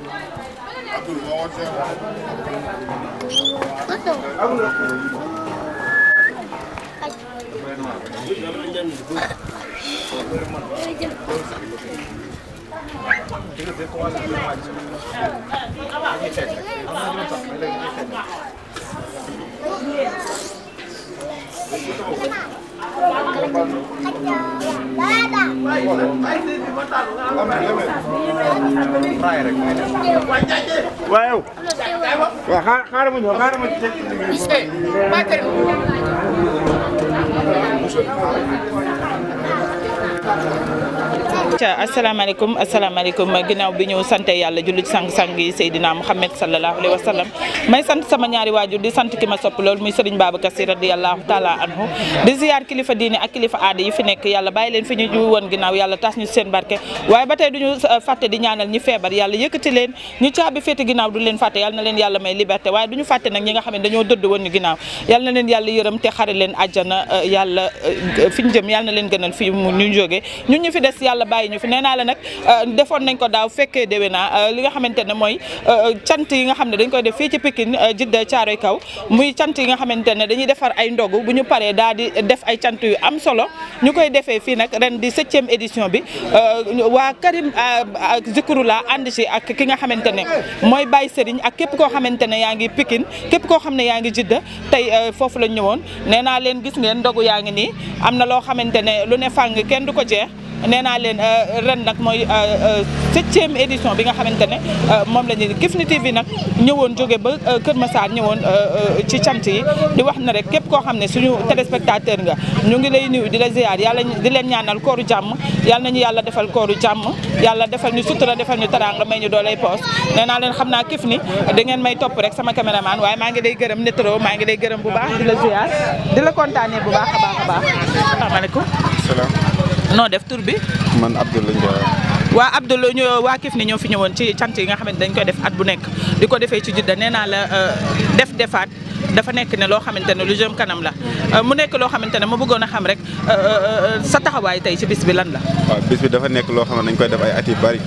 不懂。waaw. waaw xaaral ma ñëw xaaral ma ñëw. bisimilah. asalaamaaleykum asalaamaaleykum ginnaaw bi ñu sante yàlla jullit sang-sang yi Seydina Muhammad sallallahu alayhi wa sallam may sant sama ñaari waajur di sant ki ma sopp loolu muy Serigne Babacar Sy radiyallahu taala anhu di ziar kilifa diine ak kilifa aada yi fi nekk yàlla bàyyi leen fi ñu ju woon yàlla tas ñu seen barke waaye ba tey duñu uh, fàtte di ñaanal ñi feebar yàlla yëkkati leen ñu caabi féete ginnaaw du leen fàtte yàlla na leen yàlla may liberté waaye duñu fàtte nag ñi nga bàyyi ñu nee naa la nag euh, defoon nañ ko daaw fekkee déwéna euh, li nga xamante ne mooy euh, cant yi nga xam ne dañ koy def ci Pikine Jidda Caaroy Kaw muy cant yi nga xamante ne dañuy defar ay bu ñu paree daal di def ay cant yu am solo ñu koy defee fii nag ren di septième édition bi waa Karim Zikrullah ànd ci ak ki nga xamante ne mooy Baye Serigne ak képp koo xamante ne yaa ngi Pikine képp koo xam ne yaa ngi Jidda tey foofu lañ ñëwoon nee naa leen gis ngeen ndogu yaa ngi nii am na loo xamante ne lu ne fàng kenn du ko jeex nee naa leen euh, ren nag mooy euh, euh, septième édition bi nga xamante ne moom la ñuy Kifne TV nag ñëwoon jóge ba Kër Massar ñëwoon ci cant yi di wax na rek képp koo xam ne suñu téléspectateur nga ñu ngi lay nuyu di la ziar yàlla di leen ñaanal kooru jàmm yàlla nañu yàlla defal kooru jàmm yàlla defal ñu sutura defal ñu taraanga may ñu doolay poos nee naa leen xam naa Kifne da ngeen may topp rek sama caméraman waaye maa ngi lay gërëm Nétro maa ngi lay gërëm bu baax di la ziar di la kontaanee bu baax baax a baax noo def tur bi. man Abdoulaye Ndiaye. waa Abdoulaye ñu waa Kifne ni ñoo fi ñëwoon ci cant yi nga xamante dañ koy def at bu nekk di ko defee ci Jidda nee naa la euh, def defaat dafa nekk ne loo xamante ne lu jëm kanam la euh, mu nekk loo xamante ne ma bëggoon a xam rek euh, sa taxawaay tey ci bis bi lan la. waaw bis bi dafa nekk loo xam ne dañ koy def ay at yu bari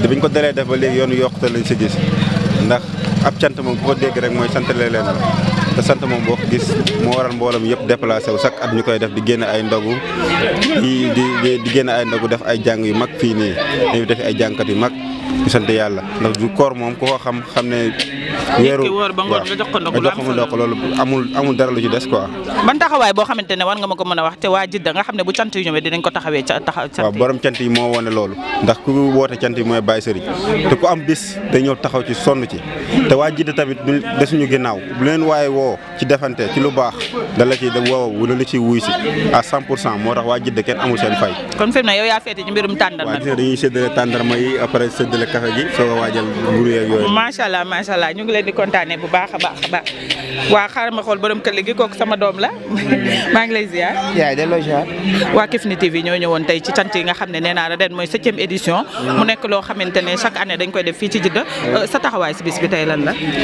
te biñ ko dalee def ba léegi yoonu yokkute lañ si gis ndax ab cant moom bu ko dégg rek mooy santalee leen la. te sant moom boo ko gis moo waral mbooloom yëpp déplacé wu chaque at ñu koy def di génn ay ndogu di di di génn ay ndogu def ay jàng yu mag fii nii dañuy def ay jàngkat yu mag. ñu sant yàlla ndax du koor moom ko xam xam ne amul amul dara lu ci des quoi ban taxawaay boo xamante war nga ma ko wax te nga ne bu cant yu ñëwee dinañ ko taxawee taxaw borom cant yi moo wone loolu ndax ku woote cant yi mooy Baye Serigne te ku am bis day taxaw ci sonn ci te waa tamit du desuñu ginnaaw bu leen waaye woo ci defante ci lu baax da la ciy def woo la ciy wuy si 100 amul fay kon yow ci mbirum dañuy yi après waajale café gi soo ko waajal mburu yeeg yooyu. macha allah macha allah ñu ngi leen di kontaanee bu baax a baax a waa xaaral ma xool borom këll gi kooku sama doom la maa ngi lay ziar. yaay delloo ziar. waa Kifne TV ñoo ñëwoon tey ci cant yi nga xam ne nee naa la ren mooy septième édition. mu nekk loo xamante ne chaque année dañ koy def fii ci Jidda. Euh, sa taxawaay si bis bi tey la.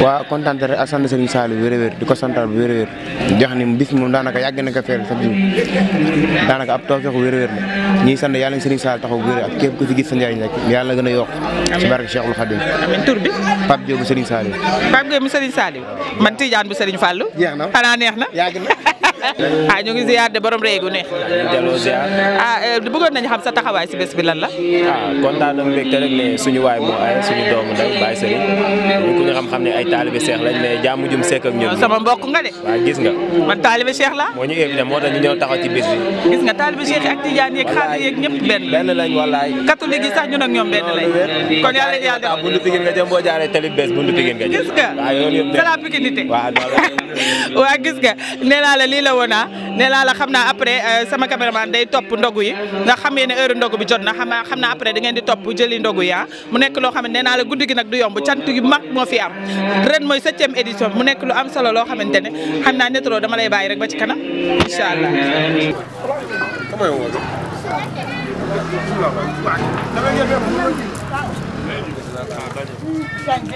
waa kontaan rek a sant Serigne Saliou wér wér di ko santal bu wér wér jox ni bis moom daanaka yàgg na a feer sax daanaka ab la ñuy sa njariñ a ci barke Cheikhul Khadim amiin tur bi Pape Gueye bu Serigne Saliou Pape Gueye bu Serigne Saliou man Tidiane bu Serigne Fallou jeex na xanaa neex ah ñu ngi ziar de borom réegu ne delloo ziar ah eh, bëggoon nañu xam sa taxawaay si bés bi lan la ah kontaan na mbégte rek ne suñu waay moo ay suñu doomu ndaw Baye Serigne ñu ku ñu xam-xam ne ay taalibe Cheikh lañ ne jàmm jum sekk ak ñun sama mbokk nga de waaw gis nga man taalibe Cheikh la moo ñu évité moo tax ñu ñëw taxaw ci bés bi gis nga taalibe Cheikh ak Tidiane yeeg xaalis yeeg ñëpp ben benn lañ wallaay catholique yi sax ñun ak ñoom benn lañ kon yàlla yàlla def bundu Pikine nga jëm boo jaaree tali bés bundu Pikine nga gis nga c'est la pikinité gis nga la la wona ne la la xamna après euh, sama cameraman day top ndogu yi nga xamé ne heure ndogu bi jot na xamna xam après da ngeen di top jëli ndogu ya mu nek lo xamné ne nee la guddi gi du yomb cant gi mak mo fi am ren 7e édition mu nek lu am solo lo Netro dama lay rek ba ci kanam Thank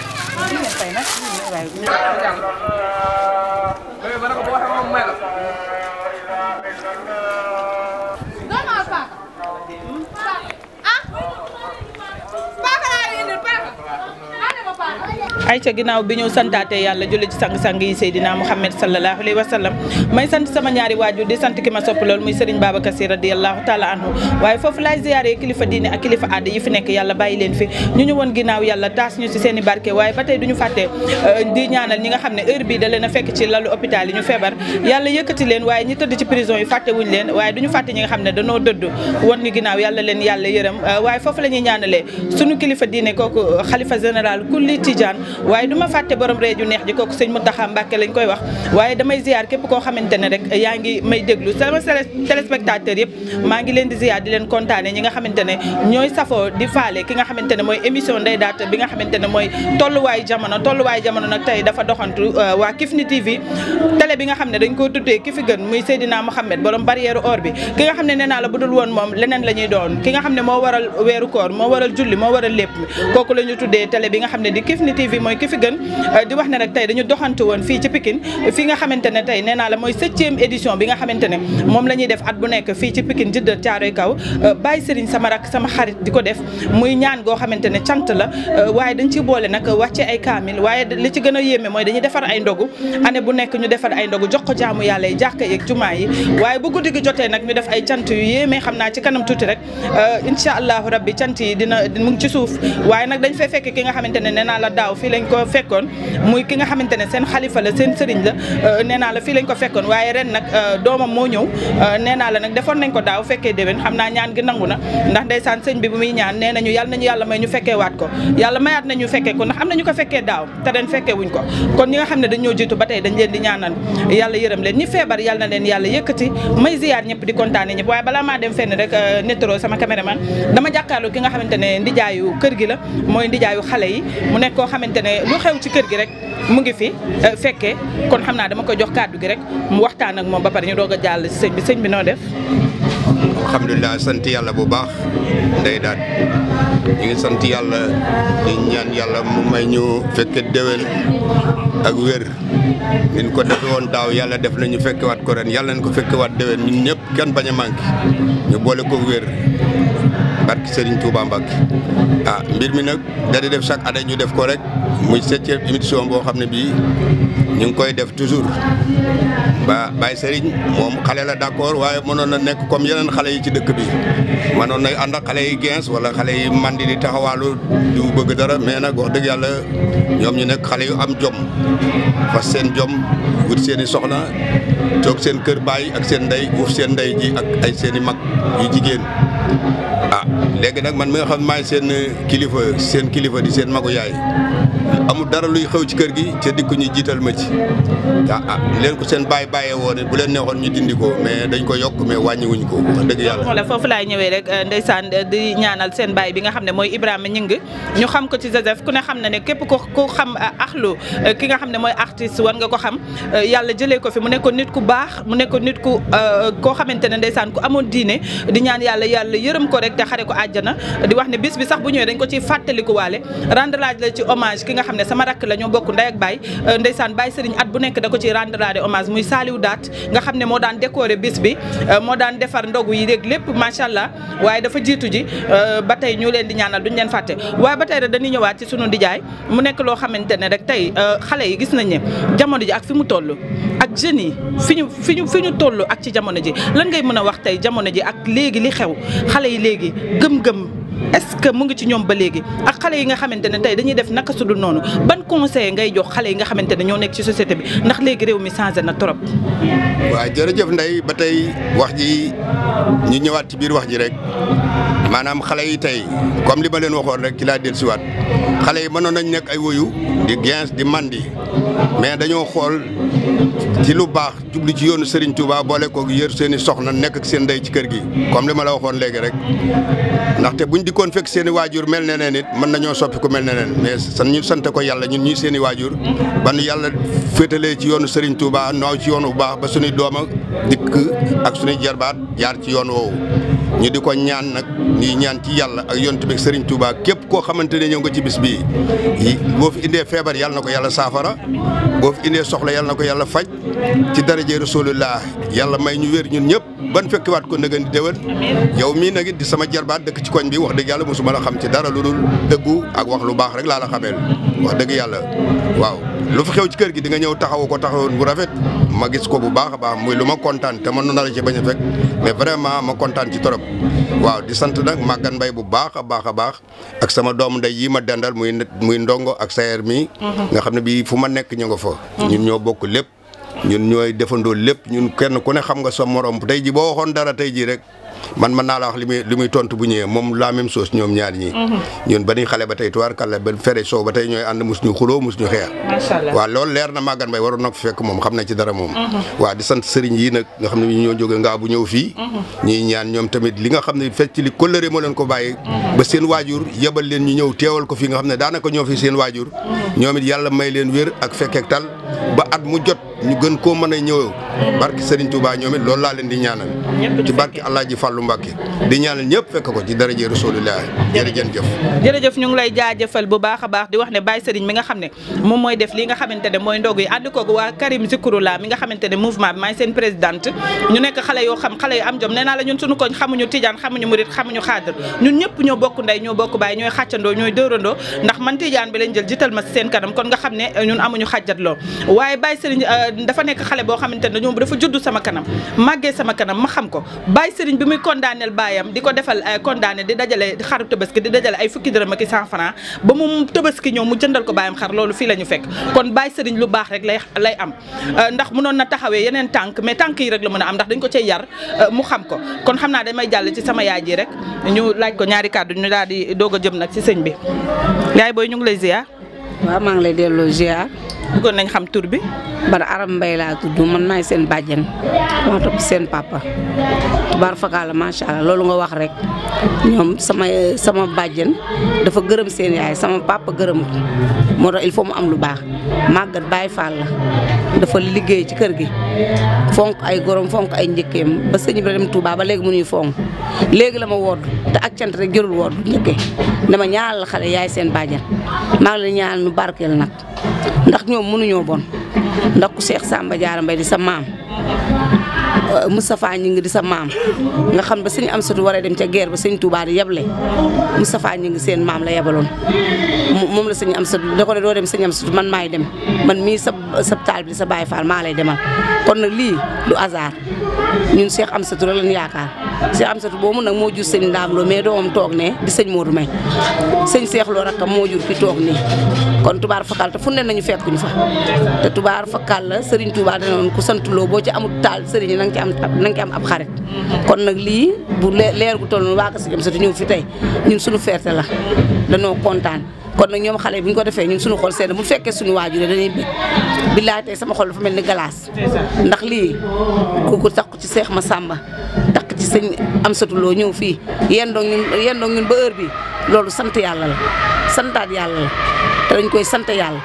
you. ñu ngi fay nag ñu ngi waaye. ay ca ginnaaw bi ñëw santaate yàlla julli ci sang-sang yi Seydina Muhammad sallallahu alayhi wa sallam may sant sama ñaari waajur di sant ki ma sopp lool muy Serigne Babacar Sy radiyallahu taala anhu waaye foofu laay ziyaare kilifa diine ak kilifa aada yi fi nekk yàlla bàyyi leen fi ñu ñu woon ginnaaw yàlla taas ñu ci seen i barke waaye ba tey duñu fàtte euh, di ñaanal ñi nga xam ne heure bii da leen a fekk ci lalu hôpital yi ñu feebar yàlla yëkkati leen waaye ñi tëdd ci prison yi fàtte wuñ leen waaye duñu fàtte ñi nga xam ne danoo dëdd woon ñu ginnaaw yàlla leen yàlla yërëm euh, waaye foofu la ñuy ñaanalee suñu kilifa diine kooku xalifa général kulli Tidiane waaye du ma fàtte borom ree ju neex ji kooku sëñ Mountakha Mbacké lañ koy wax waaye damay ziar képp koo xamante ne rek yaa ngi may déglu sama téléspectateur yëpp maa ngi leen di ziar di leen kontaane ñi nga xamante ne ñooy safoo di faale ki nga xamante ne mooy émission Ndeye Date bi nga xamante ne mooy tolluwaay jamono tolluwaay jamono nag tey dafa doxantu euh, waa Kifne TV télé bi nga xam ne dañ koo tuddee ki fi gën muy Seydina Mohamed borom xam ne nee naa la bu dul woon moom leneen la ñuy doon ki nga xam ne moo waral weeru koor moo waral julli moo waral lépp kooku xam ne mooy ki fi gën euh, di wax ne rek tey dañu doxantu woon fii ci Pikine fii nga xamante ne tey nee naa la mooy septième édition bi nga xamante ne moom la ñuy def at bu nekk fii ci Pikine jëddal caaroy kaw euh, bàyyi Serigne sama rak sama xarit di ko def muy ñaan goo xamante ne cant la euh, waaye dañ ci boole nag waaye li ci gën a mooy dañuy defar ay ndogu année bu nekk ñu defar ay ndogu jox ko jaamu yàlla yi jàkka yeeg jumaa yi waaye bu guddi gi jotee nag ñu def ay cant yu yéeme xam naa ci kanam tuuti rek incha a rabbi cant yi dina mu ngi ci suuf waaye nag dañ fay fekk ki nga xamante lañ ko fekkoon muy ki nga xamante ne seen xalifa la seen sëriñ la euh, nee la fii lañ ko fekkoon waaye ren nag euh, doomam moo ñëw euh, nee naa la nag defoon nañ ko daaw fekkee déwén xam naa ñaan gi nangu na ndax ndeysaan sëñ bi bu muy ñaan nee nañu yàlla nañu yàlla may ñu fekkee waat ko yàlla mayaat nañu fekkee ko ndax am nañu ko fekkee daaw te ren fekkee wuñ ko kon ñi nga xam ne da ñoo jiitu ba tey dañ leen di ñaanal yàlla yërëm leen ñi feebar yàlla na leen yàlla yëkkati may ziyaar di kontaane ñëpp waaye balaa maa dem fenn rek nettaro sama caméraman dama jàkkaarloo ki nga ne ndijaayu kër gi la mooy ndijaayu xale yi mu ne lu xew ci kër gi rek mu ngi fi eh, fekke kon xamna dama koy jox cadeau gi rek mu waxtaan ak mom ba pare ñu doga a ci sëñ bi sëñ bi no def. alhamdulilah sant yalla bu baax ndey daal ñu ngi sant yalla di ñaan yalla mu may ñu fekke dewel ak wër nin ko defe won daw yalla def nañu fekke wat ko ren yalla nañ ko wat dewel ñun ñep kenn baña a ñu boole ko wër barki Serigne Touba Mbacke ah mbir mi nag da def chaque année ñu def ko rek muy septième émission boo xam ne bii ñu ngi koy def toujours ba Baye Serigne moom xale la d'accord waaye mënoon na nekk comme yeneen xale yi ci dëkk bi ma mënoon na ànd ak xale yi gens wala xale yi mandi di taxawaalu bëgg dara mais nag wax dëgg yàlla ñoom ñu nekk xale yu am jom fas seen jom wut seen i soxna toog seen kër baay ak seen ndey wuuf seen ndey ji ak ay seeni i mag yu jigéen ah léegi nag man mi nga xam ne maay seen kilifa seen kilifa di seen magu yaay amul dara luy xew ci kër gi ca dikk ñu jiital ma ci ah, ah leen ko seen bàyyi bàyyee woon bu leen neexoon ñu dindi ko mais dañ ko yokk mais wàññiwuñ ko wax dëgg yàlla. voilà foofu laay ñëwee rek eh, ndeysaan eh, di ñaanal seen bàyyi bi nga xam ne mooy Ibrahima Ñing ñu xam ko ci Joseph ku ne xam na ne képp ko ku xam eh, axlu ki nga xam ne mooy artiste war nga ko xam yàlla jëlee ko fi mu nekkoon nit ku baax mu nekkoon nit ku koo xamante ne ndeysaan ku amoon diine di ñaan yàlla yàlla yërëm ko rek te xare ko àjjana di wax ne bis bi sax bu ñëwee dañ ko ciy fàttalikuwaale rendre la ci hommage ki nga xam ne sama rakk la bokk ndey baay euh, ndeysaan baay sëriñ at bu nekk da ko ci rendrade hommage muy saaliw daat nga xam ne moo daan décorer bis bi euh, moo daan defar ndogu yi rek lépp macha allah waaye dafa jiitu ji euh, ba tey ñu leen di ñaanal duñ leen fàtte waaye ba tey rek dañuy ñëwaat ci sunu ndijaay mu nekk loo xamante ne rek tey xale yi gis nañ ne jamono ji ak fi mu toll ak jeunes yi fi ñu fi ñu fi ñu toll ak ci jamono ji lan ngay mën a wax tey jamono ji ak léegi li xew xale yi léegi gëm est-ce que mu ngi ci ñoom ba léegi ak xale yi nga xamante ne tey dañuy def naka sudul noonu ban conseil ngay jox xale yi nga xamante ne ñoo nekk ci société bi ndax léegi réew mi changé na trop. waaw jërëjëf Ndeye ba tey wax ji ñu ñëwaat ci biir wax ji rek maanaam xale yi tey comme li ma leen waxoon rek ci laa dellusiwaat xale yi mënoon nañ nekk ay woyu di gens di mandi mais dañoo xool ci lu baax jublu ci yoonu Serigne tubaa boole koog yër seen i soxna nekk ak seen ndey ci kër gi comme li ma la waxoon léegi rek ndaxte buñ dikkoon fekk seen i waajur mel ne neen it mën nañoo soppi ku mel ne neen mais san ñu sante ko yàlla ñun ñuy seeni waajur ba nu yàlla féetalee ci yoonu Serigne Touba noo ci yoon bu baax ba suñuy dooma dikk ak suñuy jarbaat jaar ci yoon woowu ñu diko ñaan nak ñi ñaan ci yalla ak yonent bi Serigne Touba kep ko xamantene ñu ñëw nga ci bis bi bo fi indé fébar yalla nako yalla safara bo fi indé soxla yalla nako yalla yàlla faj ci daraje rasulullah yalla may ñu wër ñun ñëpp ban fekk wat ko nëgën di yow mi nak di sama jarbaat dekk ci koñ bi wax deug yalla musuma la xam ci dara lu deggu ak wax lu baax rek la la xamel wax deug yalla waaw lu fi xew ci kër gi di nga ñëw taxawu ko taxawoon bu rafet ma gis ko bu baax a baax muy lu ma kontaan te man noonu la ci bañ a fekk mais vraiment ma kontaan ci torop waaw di sant nag Maguette Mbaye bu baax a baax a baax ak sama doom ndey yi ma dendal muy muy ndongo ak sayer mi mhm. nga xam ne bii fu ma nekk ñu nga fa. Mhm. ñun ñoo bokk lépp ñun ñooy defandoo lépp ñun kenn ku ne xam nga sa morom tey ji boo waxoon dara tey ji rek. man man na la wax li muy tontu bu ñewé mom la même chose ñom ñaar ñi mhm. ñun bani xalé xale ba tey tuwaar kala ba féré so ba tey ñooy ànd mus ñu xuloo mus ñu leer na magan bay waru nok fekk mom xamna ci dara mom mhm. wa di sante sëriñ yi nak nga xamni ñoo joggé nga bu ñew fi ñi ñaan ñom tamit li nga xamni fecc li kóllëre mo leen ko ba seen wajur yebal leen ñu ñew teewal ko fi nga xam ne ñoo mhm. fi seen wajur ñomit yalla may leen wër ak ak tal ba at mu jot ñu gën ko mëna ñew barki sëriñ Touba ñomit lool la leen di ñaanal ci barki ji Fallou Mbacké di ñaanal ñëpp fekk ko ci daraje rasulullah jërëjëf jëf jërëjëf ñu bu baax a baax di wax ne Baye Serigne mi nga xam ne moom mooy def li nga xamante ne mooy ndog yi ànd kooku waa Karim Zikrullah mi nga xamante ne mouvement bi maay seen présidente ñu nekk xale yoo xam xale yu am jom nee naa la ñun suñu koñ xamuñu tijaan xamuñu murit xamuñu xaadir ñun ñëpp ñoo bokk ndey ñoo bokk baay ñooy xàccandoo ñooy dóorandoo ndax man tijaan bi lañ jël jital ma seen kanam kon nga xam ne eh, ñun amuñu xàjjat loo waaye Baye Serigne eh, dafa nekk xale boo xamante ne dafa judd sama kanam màggee sama kanam xam ko kon condamnel baayam di ko defal eh, condamné di dajale xaru tabaski di dajale ay fukki dërëm ak i cent franc ba mu tabaski ñëw mu jëndal ko baayam xar loolu fii la ñu fekk kon baay sëriñ lu baax rek lay lay am eh, ndax mënoon na taxawee yeneen tànk mais tànk yi rek la mën a am ndax dañ ko cay yar eh, mu xam ko kon xam naa damay jàll ci sama yaay ji rek ñu laaj ko ñaari kàddu ñu daal di doog a jëm nag ci sëñ bi yaay booy ñu ngi lay ziar waaw maa ngi lay delloo ziar bëggoon nañ xam tur bi. man Aram mbay laa tudd man naa seen bàjjen maa topp seen papa tubaar fakaala macha allah loolu nga wax rek ñoom sama sama bàjjen dafa gërëm seen yaay sama papa gërëm moo tax il faut mu am lu baax màggat Baay Faal la dafa liggéey ci kër gi fonk ay gorom fonk ay njëkkeem ba sëñ bi dem Touba ba léegi mu ñuy fonk léegi la ma wodd te ak cant rek jërul wodd njëkkee dama ñaanal xale yaay seen bàjjen maa ngi leen nu barkeel nag. ndax ñoom mënuñoo boon ndax ku Cheikh Samba Diarra Mbaye di sa maam euh, Moustapha ñi ngi di sa maam nga xam ba sëñ Amsatu war a dem ca guerre ba sëñ Touba di yeble Moustapha ñi ngi seen maam la yebaloon moom la sëñ Amsatu da ko ne doo dem sëñ Amsatu man maay dem man mii sa sa taal bi sa baay Fall maa lay demal kon nag lii lu hasard ñun Cheikh Amsatu rek lañ yaakaar si am Amsatou boobu nag moo jur sëñ Ndaam Lo mais doomam toog ne di sëñ Modou May sëñ Seex Lo rakkam moo jur ki toog nii kon tubaar fakal te fu ne nañu fekk ñu fa te tubaar fakal la Serigne Touba dana ku sant boo ci amul taal Serigne na nga ci am na am ab xarit kon nag lii bu leer gu toll noonu waa Kër Amsatou ñëw fi tey ñun suñu fierté la danoo kontaan kon nag ñoom xale bi ñu ko defee ñun suñu xol seen bu fekkee suñu waajur dañuy bëgg billaay tey sama xol fa mel ni galaas ndax lii ku ko takku ci Seex ma Masamba ci sëñ Amsatou Lo ñëw fii yendoog ñun yendoog ñun ba heure bi loolu sant yàlla la santaat yàlla la te dañ koy sant yàlla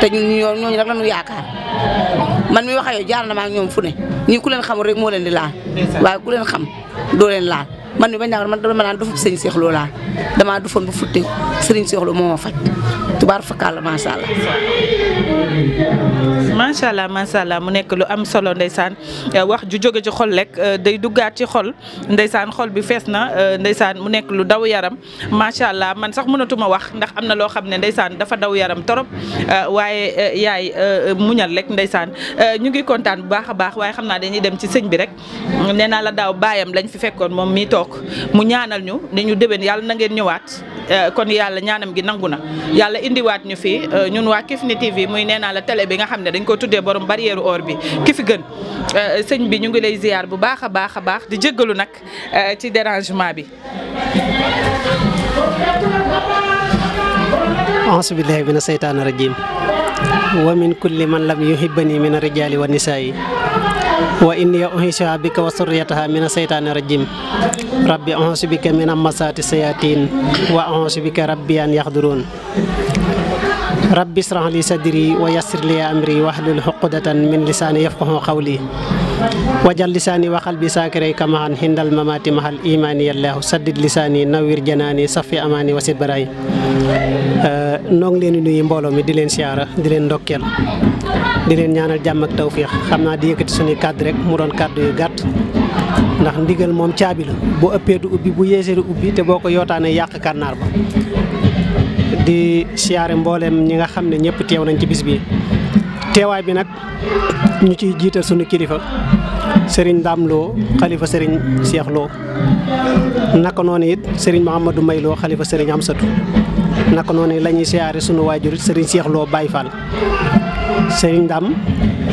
te ñu ñoo ñooñu rek yaakaar man mi wax ak yow na ak ñoom fu ne ñii ku leen xamul rek moo leen di laal waaye ku leen xam doo leen laal man mi ba ñaaw man dama naan dofub sëñ Cheikh Lo laa Lo moo ma faj tubaar fakkaal la allah. macha allah macha allah mu nekk lu am solo ndeysaan euh, wax ju jóge ci xol rek euh, day duggaat ci xol ndeysaan xol bi fees na euh, ndeysaan mu nekk lu daw yaram macha allah man sax mënatuma wax ndax am na loo xam ne ndeysaan dafa daw yaram torop waaye yaay muñal lekk ndeysaan ñu ngi kontaan bu baax a baax waaye xam naa dañuy dem ci sëñ bi rek nee la daaw baayam lañ fi fekkoon moom mii toog toog mu ñaanal ñu ne ñu déwén yàlla na ngeen ñëwaat eh, kon yàlla ñaanam gi nangu na yàlla indiwaat ñu fi eh, ñun waa Kifne TV muy nee naa la télé bi nga xam ne dañ ko tuddee borom barrière or bi ki fi gën eh, sëñ bi ñu ngi lay ziar bu baax a baax a baax di jéggalu nag ci dérangement bi auzu billaahi mina seytaani rajiim wa min kulli man lam yuhibbani mina rijaali wa nisaa'i wa inni u'iizuhaa bika wa surriyatahaa mina seytaani rajiim rabbi a'uuzu bika min amasaati sayaatiin wa a'uuzu bika rabbi an yaxduruun rabbi israh li sadri wa yassir li amri wahlul uqdatan min lisaani yafqahu qawli wajal lisaani wa qalbi saakiray kamahan hindal mamaati mahal imaani yallaahu saddid lisaani nawwir janaani safi amaani wasit baraay noo ngi leen di nuyu mbooloo mi di leen siyaara di leen ndokkeel di leen ñaanal jàmm ak tawfiix xam naa di yëkkati suñuy kàddu rek mu doon kàddu yu gàtt ndax ndigal moom caabi la bu ëppee du ubbi bu yéesee du ubbi te boo ko yootaanee yàq kànnaar ba di siyaare mbooleem ñi nga xam ne ñëpp teew nañ ci bis bi teewaay bi nag ñu ciy jiital suñu kilifa sëriñ Dame Lo xalifa sëriñ Cheikh naka noonu it sëriñ Mouhamadou May Lo xalifa sëriñ Amsatou naka noonu la ñuy sunu waajur sëriñ Cheikh Lo Baye Fall sëriñ Dame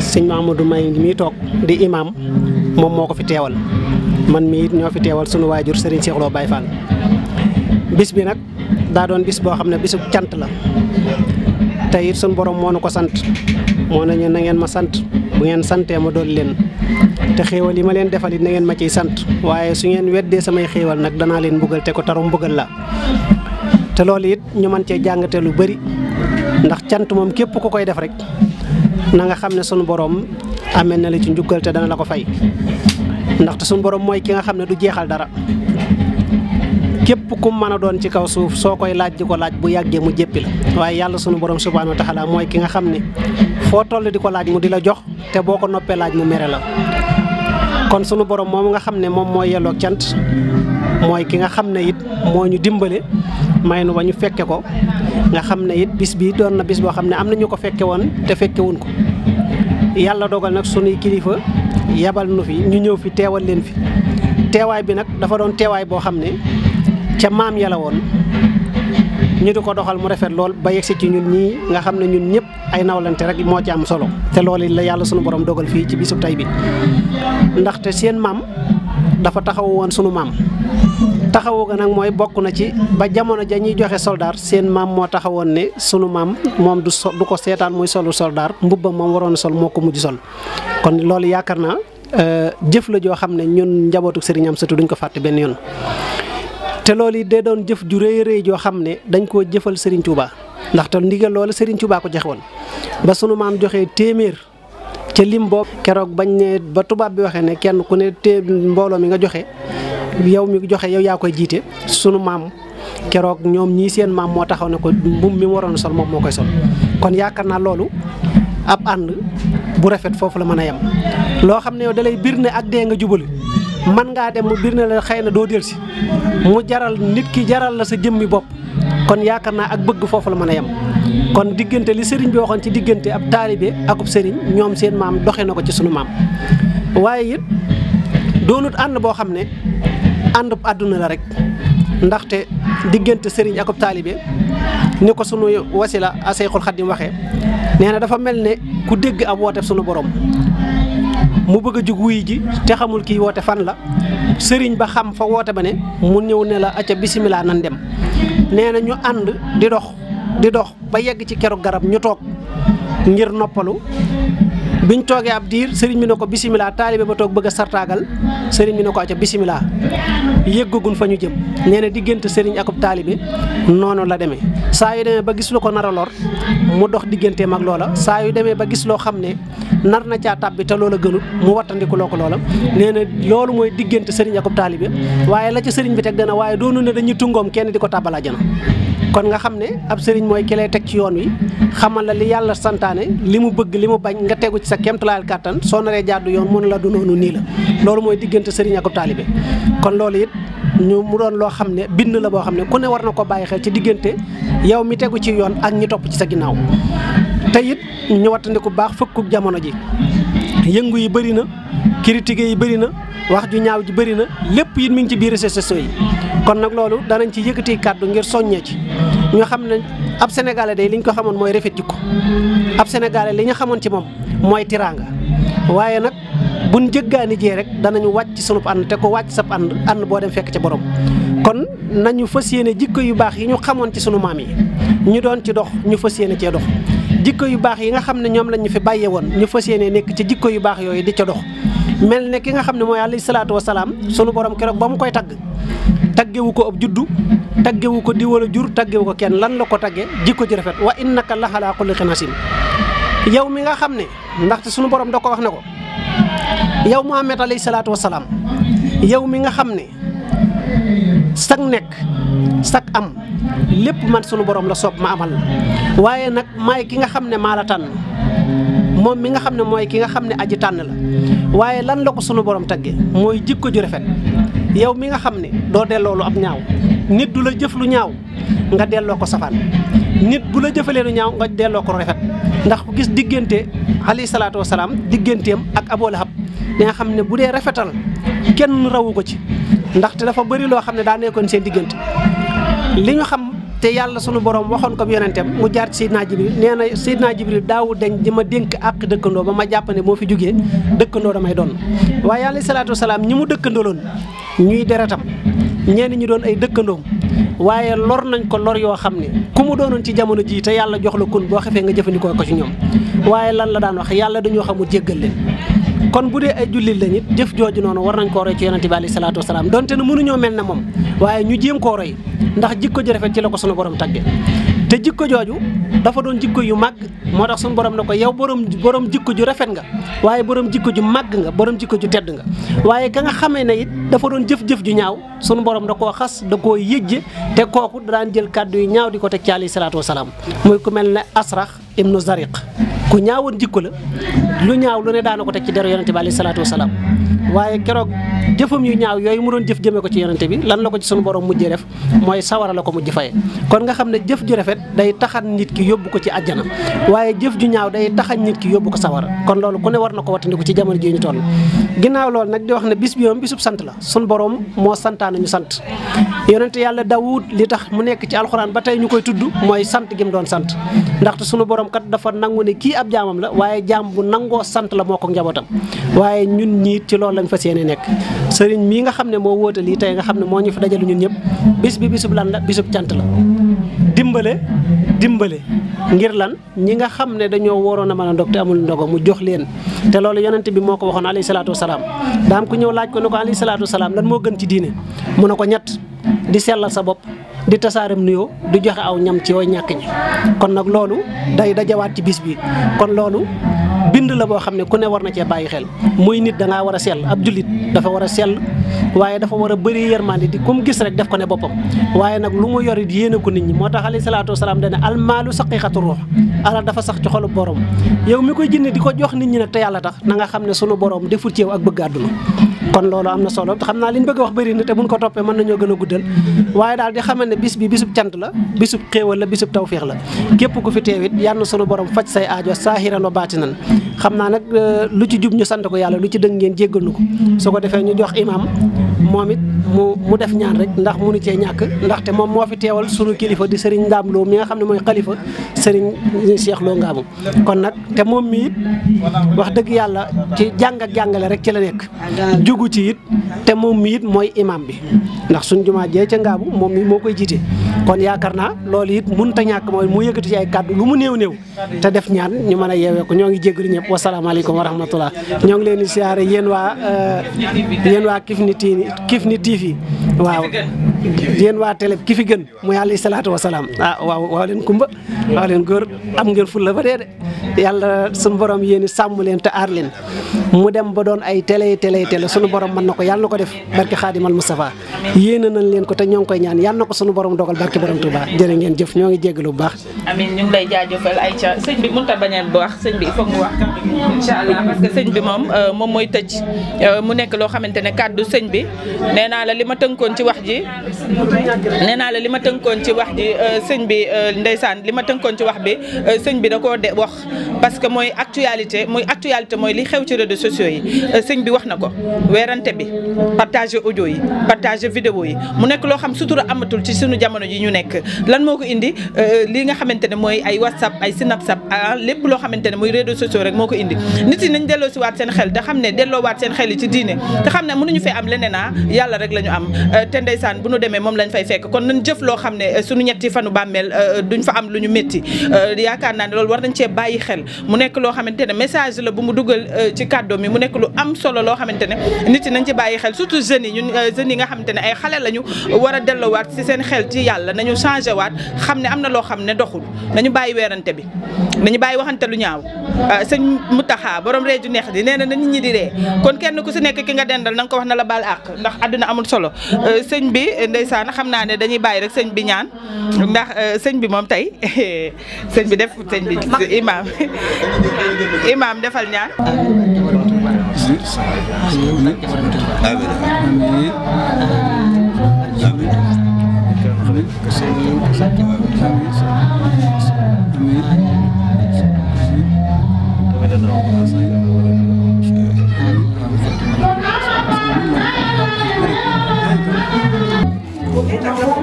sëñ Mouhamadou May mi toog di imam Momo moko fi teewal man mi it ñoo fi teewal sunu waajur Serigne Cheikh Lo Baye Fall bis bi nak da doon bis bo xamne bisu la tay it borom monu nu ko sant moo nañu na ngeen ma sant bu ngeen santee ma dool leen te xéewal yi ma leen defal it na ngeen ma ci sant waye su ngeen wedde samay xéewal nak dana leen buggal te ko tarum buggal la te loolu it ñu man ci jangate lu bari ndax cant mom sun ku koy def rek na nga xamne borom amel na li ci njukkal te dana la ko fay sun borom moy ki nga xamne du jexal dara kep ku mana don ci kaw suuf sokoy laaj diko laaj bu yagge mu jéppi la sunu borom subhanahu wa taala moy ki nga xamne fo toll di laaj mu dila jox te boko noppé laaj mu mere la kon sunu borom mom nga xamne mom moy mooy yelloog moy ki nga xamne it mo ñu dimbalé may nu bañu fekke ko nga xamne it bis bi doon na bis bo xamne amna fekke won te fekke won ko yàlla dogal nag sunuy kilifa yabal nu fi ñu ñëw fi teewal leen fi teewaay bi nag dafa doon teewaay boo xam ne ca maam yàlla woon ñu di ko doxal mu rafet lool ba yegsi ci ñun ñii nga xam ne ñun ñëpp ay nawlante rek moo ci am solo te loolu la yàlla sunu borom dogal fii ci bisub tay bi ndaxte seen maam dafa taxaw woon sunu maam taxawu ga nag mooy bokk na ci ba jamono ja ñuy joxe soldaar seen maam moo taxawoon ne sunu maam moom du so du ko seetaan muy solu soldaar mbubbam moom waroon sol moo ko mujj sol kon loolu yaakaar naa euh, jëf la joo xam ne ñun njabootu Serigne Amsatou duñ ko fàtte benn yoon te loolu it day doon jëf ju rëy rëy joo xam ne dañ koo jëfal Serigne Touba ndaxte ndigal loolu Serigne Touba ko joxe woon ba sunu maam joxe téeméer ca lim boobu keroog bañ ne ba tubaab bi waxee ne kenn ku ne té mbooloo mi nga joxe yow mi joxe yow yaa koy jiite sunu maam keroog ñoom ñii seen maam moo taxaw ne ko mbubb mi waroon sol moom moo koy sol kon yaakaar naa loolu ab ànd bu rafet foofu la mën a yem loo xam ne yow dalay biir ne ak dee nga jubali man ngaa dem mu biir ne la xëy na doo si mu jaral nit ki jaral la sa jëmmi bopp kon yaakaar naa ak bëgg foofu la mën a yem kon diggante li sëriñ bi waxoon ci diggante ab taalibe akub sëriñ ñoom seen maam doxe na ko ci sunu maam ànd àdduna la rek ndaxte diggante sëriñ ak taalibe ni ko sunu wasila a Seyxul Xaddim nee na dafa mel ne ku dégg ab woote sunu boroom mu bëgg a jug wuy ji te xamul kii woote fan la sëriñ ba xam fa woote ba ne mu ñëw ne la acca bisimilah nan dem nee na ñu ànd di dox di dox ba yegg ci keru garab ñu toog ngir noppalu ñu toogee ab diir sëriñ bi ne ko bisimilah taalibe ba toog bëgg a sartaagal sëriñ bi ne ko acca bisimilah yëggagun fa ñu jëm nee na diggante sëriñ akub taalibe noonu la demee saa yu demee ba gis ko nar a mu dox digganteem ak loola saa yu demee ba gis loo xam ne nar na caa tàbbi te loola gënul mu wattandiku ko loola nee na loolu mooy diggante sëriñ akub taalibe waaye la ca sëriñ bi teg dana waaye doonu ne dañuy tungoom kenn di ko tàbbal àjjana kon nga xam ne ab sëriñ mooy ki teg ci yoon wi xamal la li yàlla santaane li mu bëgg li mu bañ nga tegu ci sa kéemtalaayal kàttan soo naree jàddu yoon mënu la du noonu nii la loolu mooy diggante sëriñ ak taalibe kon loolu it ñu mu doon loo xam ne bind la boo xam ne ku ne war na ko bàyyi xel ci diggante yow mi tegu ci yoon ak ñi topp ci sa ginnaaw te it ñu wattandiku baax fëkkuk jamono ji yëngu yi bëri na kiri critiques yi bëri na wax ju ñaaw ji bëri na lépp it mu ngi ci biir réseaux sociaux yi kon nag loolu danañ ci yëkkati kàddu ngir soññee ci ñu xam ne ab sénégalais day li ñu ko xamoon mooy rafet jikko ab sénégalais li ñu xamoon ci moom mooy tiraanga waaye nag buñ jëggaani jee rek danañu wàcc sunub ànd te ko wàcc sab ànd ànd boo dem fekk ca borom kon nañu fas yéene jikko yu baax yi ñu xamoon ci sunu maam yi ñu doon ci dox ñu fas yéene cee dox jikko yu baax yi nga xam ne ñoom lañ ñu fi bàyyee woon ñu fas yéene nekk ci jikko yu baax yooyu di ca dox mel ne ki nga xam ne mooy alayhi salaatu salaam sunu borom keroog ba mu koy tagg taggewu ko ab juddu taggewu ko diwala jur taggewu ko kenn lan la ko tagge jikko ji rafet wa innaka la xalaa xulliqin asim yow mi nga xam ne ndaxte sunu borom da ko wax ne ko yow Muhammad alayhi salaatu salaam yow mi nga xam ne sag nekk sag am lépp man sunu borom la soob ma amal la waaye nag may ki nga xam ne maa la tànn moom mi nga xam ne mooy ki nga xam ne aj tànn la waaye lan la ko sunu borom tagge mooy jikko ju rafet yow mi nga xam ne doo delloo lu ab ñaaw nit du la jëf lu ñaaw nga delloo ko safaan nit bu la jëfalee lu ñaaw nga delloo ko rafet ndax ku gis diggante alayhi salaatu wasalaam digganteem ak Abu Lahab di nga xam ne bu dee rafetal kenn rawu ko ci ndaxte dafa bëri loo xam ne daa nekkoon seen diggante li ñu xam te yàlla sunu borom waxoon ko yonenteem mu jaar ci Seydina Jibril nee na Seydina Jibril daawu dañ di ma dénk ak dëkkandoo ba ma jàpp moo fi jógee dëkkandoo damay doon waaye alayhi salaatu wasalaam ñi mu dëkkandooloon ñuy deretam ñenn ñi doon ay dëkkandoo waaye lor nañ ko lor yoo xam ne ku mu doonoon ci jamono jii te yàlla jox la kun boo xefee nga jëfandikoo ko ci ñoom waaye lan la daan wax yàlla dañoo xamul jéggal leen kon bu dee ay jullit lañ it jëf jooju noonu war nañ koo roy ci yonente bi alayhi salaatu wasalaam donte ne mënuñoo mel na moom waaye ñu jéem koo roy ndax jikko ji rafet ci la ko sunu borom tagge te jikko jooju dafa doon jikko yu màgg moo tax sunu borom ne ko yow borom borom jikko ju rafet nga waaye borom jikko ju màgg nga borom jikko ju tedd nga waaye ka nga xamee ne it dafa doon jëf-jëf ju ñaaw sunu borom da koo xas da koo yëjje te kooku da daan jël kàddu yu ñaaw di ko teg ci alayhi salaatu wasalaam muy ku mel na asrax ibnu zariq ku ñaawoon jikko la lu ñaaw lu ne daana ko teg ci deru yonente bi alayhi salaatu wasalaam waaye keroog jëfam yu ñaaw yooyu mu doon jëf jëmee ko ci yonente bi lan la ko ci sunu borom mujjee def mooy sawara la ko mujj faye kon nga xam ne jëf ju rafet day taxan nit ki yóbbu ko ci àjjana waaye jëf ju ñaaw day taxan nit ki yóbbu ko sawara kon loolu ku ne war na ko wattandiku ci jamono ji ñu toll loolu nag di wax ne bis bi moom sant la sunu boroom moo santaane ñu sant yonente yàlla Daawuud li tax mu nekk ci alxuraan ba tey ñu koy tudd mooy sant gi mu doon sant ndaxte sunu borom kat dafa nangu ne kii ab jaamam la waaye jaam bu nangoo sant la moo ko njabootam waaye ñun ñiit ci loolu lañ fa yéene nekk sëriñ mii nga xam ne moo wóotal yi tey nga xam ne moo ñu fi dajalu ñun ñëpp bis bi bisub lan la bisub cant la dimbale dimbale ngir lan ñi nga xam ne dañoo waroon a man a ndog te amul ndogo mu jox leen te loolu yonent bi moo ko waxoon alayhi salaatu wasalaam daam ku ñëw laaj ko ne ko alayhi salaatu wasalaam lan moo gën ci diine mu ne ko ñett di sellal sa bopp di tasaaram nuyoo du joxe aw ñam ci way ñàkk ñi kon nag loolu day dajawaat ci bis bi kon loolu bind la boo xam ne ku ne war na cee bàyyi xel muy nit da ngaa war a sell ab jullit dafa war a sell waaye dafa war a bëri yërmande di kum gis rek def ko ne boppam waaye nag lu mu yorit yéene ko nit ñi moo tax alayhi salaatu wasalaam dane almaalu saqiqatu ruux alal dafa sax ci xolu borom yow mi koy jënd di ko jox nit ñi nag te yàlla tax na nga xam ne sunu borom deful ci ak bëgg àdduna kon loolu am na solo xam naa li ñu bëgg a wax bari na te buñ ko toppee mën nañoo gën a guddal waaye daal di xamal ne bis bi bisub cant la bisub xéewal la bisub tawféex la képp ku fi teewit yal na borom faj say aajo saahiran wa baatinan xam naa nag eh, lu ci jub ñu sant ko yàlla lu ci dëng ngeen jéggal su ko defee ñu jox imam momit mu mu def ñaan rek ndax ci ñak ndax te mom mo fi teewal sunu kilifa di Serigne ndamlo mi nga xamne moy khalifa Serigne Cheikh Lo Ngaabu kon nak te mom mi wax deug yalla ci jang ak jangale rek ci la nek jugu ci it te mom mi it moy imam bi ndax suñu juma je ci Ngaabu mom mi mokoy jité kon yaakarna naa it mu ta ñak moy mu yëkkati ci ay kaddu lu mu neew neew te def ñaan ñu mëna yewé ko ko jéggul ñep wa salaamu alaykum wa rahmatullah ñoo leen di Kifne TV waaw yéen wa tele ki fi gën mu yalla salatu wassalam ah wa waaw kumba wa len gor am ngeen fulla ba dee de yàlla borom yéen sam len ta ar len mu dem ba don ay tele tele tele suñu borom man nako ko yàlla na ko def barke xaadimal Moustapha yéen nañ leen ko te ñong koy ñaan yalla nako ko borom dogal barki borom tuba jere ngeen jëf ñongi ngi baax amin ñu ngi lay jaajeufal ay ca señ bi mu ta bañal bu wax señ bi il mu wax inshallah parce que señ bi mom euh, mom moy tejj euh, mu nek lo xamantene kaddu señ bi neena la lima teunkon ci wax ji nee naa la li ma tënkoon ci wax ji euh, sëñ bi euh, ndeysaan li ma tënkoon ci wax bi euh, sëñ bi da koo de wax parce que mooy actualité mooy actualité mooy li xew ci réseaux sociaux yi sëñ bi wax na ko weerante bi partage audio yi partage vidéo yi mu nekk loo xam sutura amatul ci suñu jamono ji ñu nekk lan moo ko indi li nga xamante ne mooy ay whatsapp ay a ah, lép loo xamante ne mooy réseaux sociaux rek moo ko indi nit yi nañ delloo si waat seen xel te xam ne delloo waat seen xel yi ci diine te xam ne mënuñu fee am leneen ah, yàlla la ñu am demee moom lañ fay fekk kon nañ jëf loo xam ne euh, suñu ñetti fanu bàmmeel euh, duñ fa am lu ñu métti euh, yaakaar naa ne loolu war nañ cee bàyyi xel mu nekk loo xamante ne message la bu mu dugal ci kàddo mi mu nekk lu am solo loo xamante ne nit yi nañ ci bàyyi xel surtout jeunes yi ñun jeunes yi nga xamante ne ay xale lañu war a delloowaat ci seen xel ci yàlla nañu changé waat xam ne am na loo xam ne doxul nañu bàyyi weerante bi nañu bàyyi waxante lu ñaaw Ah, sëñ Mutaxa borom ree ju neex di nee na na nit di kon kenn ku si nekk ki nga dendal na ko wax na la baal àq ndax àdduna amul solo ah, sëñ bi ndeysaan xam naa ne dañuy bàyyi rek sëñ bi ñaan ndax ah, sëñ bi moom tey sëñ bi def sëñ bi imaam imaam defal ñaan don't know, I don't know I don't know.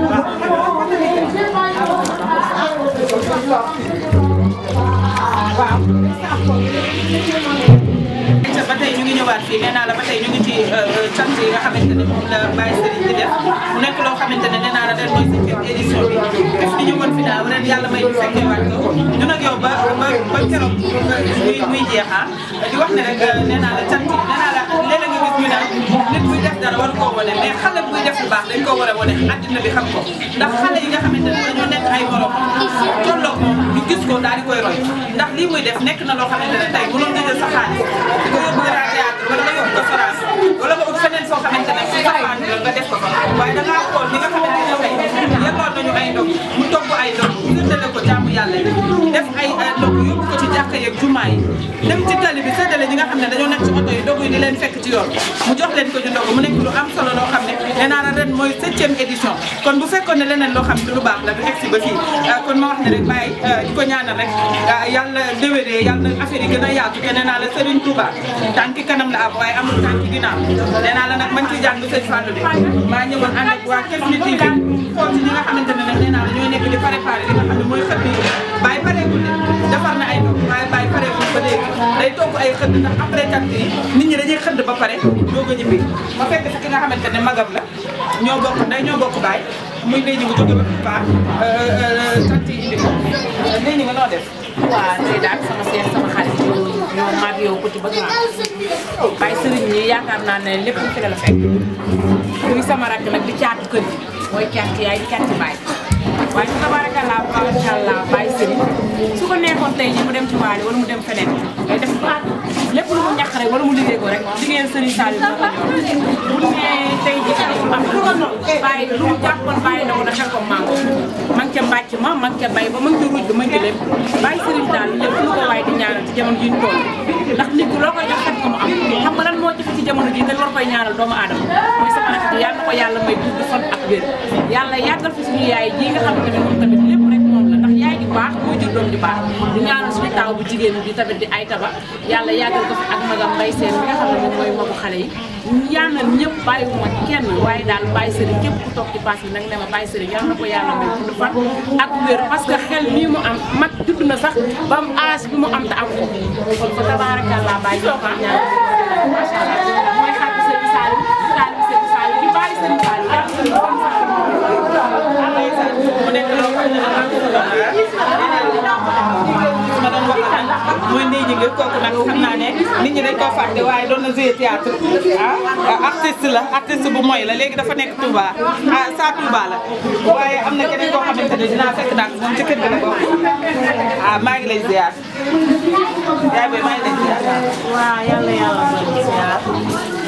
ñëwaat fii nee naa la ba tey ñu ngi ci euh, euh, cant yi nga xamante ne moom la Baye Serigne di def mu nekk loo xamante ne nee naa la ren mooy septième édition bi def ni ñu mën fi daaw ren yàlla may ñu fekkeewaat ko ñun ak yow ba ba ba keroog muy muy jeexaa ah. di wax ne rek euh, nee naa la cant yi nee naa la léeg-léeg nga gis ñu naan nit buy def dara war koo wane mais xale buy def lu baax dañ koo war a wane àddina bi xam ko ndax xale yi nga xamante ne dañoo nekk ay morom tolloo ko ñu gis ko daal di koy roy ndax lii muy def nekk na loo xamante ne tey bu doon nga jël sax jumaa yi dem ci tali séddale ñi nga xam ne dañoo nekk ci oto yi dogu yi di leen fekk ci yoon mu jox leen ko ñu dogu mu nekk lu am solo loo xam ne nee la ren mooy septième édition kon bu fekkoon ne leneen loo xam ne lu baax la du egsi ba fii ah, kon ma wax ne rek bàyyi ah, ah, a kanam la am waaye amul tànki ginnaaw nee naa la nag man ci jàng Sëñ Fallou de maa ñëwoon ànd ak waa Kifne TV xool ci ñi nga xamante ne nag nee la ñooy nekk di préparé li nga xam ne mooy xët yi bàyyi pareegul de defar ay xëdd ndax après cant nit ñi dañuy xëdd ba pare doog a ñibbi ma fekk sax ki nga xamante ne magam la ñoo bokk nday ñoo bokk baay muy léegi euh, euh, nga noo def. waaw tey daal sama seer sama xarit ñoom maag yow ko ci bëgg naa sëriñ ñi yaakaar naa ne lépp fi la fekk muy sama rakk nag di caatu kër mooy caatu yaay di caatu baay. waaye su tabaarakallaa macha allah bàyyi sëriñ su ko neexoon tey ji mu dem ci waale wala mu dem feneen day def baat lépp lu mu ñàkk rek wala mu liggéey ko rek liggéeyal Serigne Saliou moo ko ñor bu ne tey jii am ko noonu bàyyi lu mu jàppoon bàyyi na ko na ko ma ngi ca mbàcc ma ma ngi ca bay ba ma ngi ruuj ma ngi ca lépp bàyyi Serigne daal lu ko waaye di ñaanal ci jamono ndax nit ku jox ko mu am xam nga lan ci jamono war koy ñaanal doomu ko may ak fi suñu yaay ji nga xam tamit tamit baax muy jur doom ju baax di ñaanal suñu taaw bu jigéen bi tamit di ay taba yàlla yàggal ko fi ak magam mbay seen bi nga xam ne moom mooy magu xale yi ñaanal ñëpp bàyyiwuma kenn waaye daal bàyyi sëriñ képp ku toog ci paas bi nag ne ma bàyyi sëriñ yàlla na ko yàlla may gudd fan ak wér parce que xel nii mu am mag judd na sax ba mu aas bi mu am te am ko kon ko tabaarakallaa bàyyi soo ko ñaan macha allah mooy xam sëriñ Saliou Saliou sëriñ Saliou di bàyyi sëriñ Saliou yàlla sëriñ Saliou mu nekk ma doon waxal mooy Ndeye Djigue kooku nag xam naa ne nit ñi dañ koo fàtte waaye doon na joué théâtre ah artiste la artiste bu mooy la léegi dafa nekk Touba ah saa Touba la waaye am na keneen koo xamante ne dinaa fekk daal moom ci kër ga la bokk ah maa ngi lay ziar.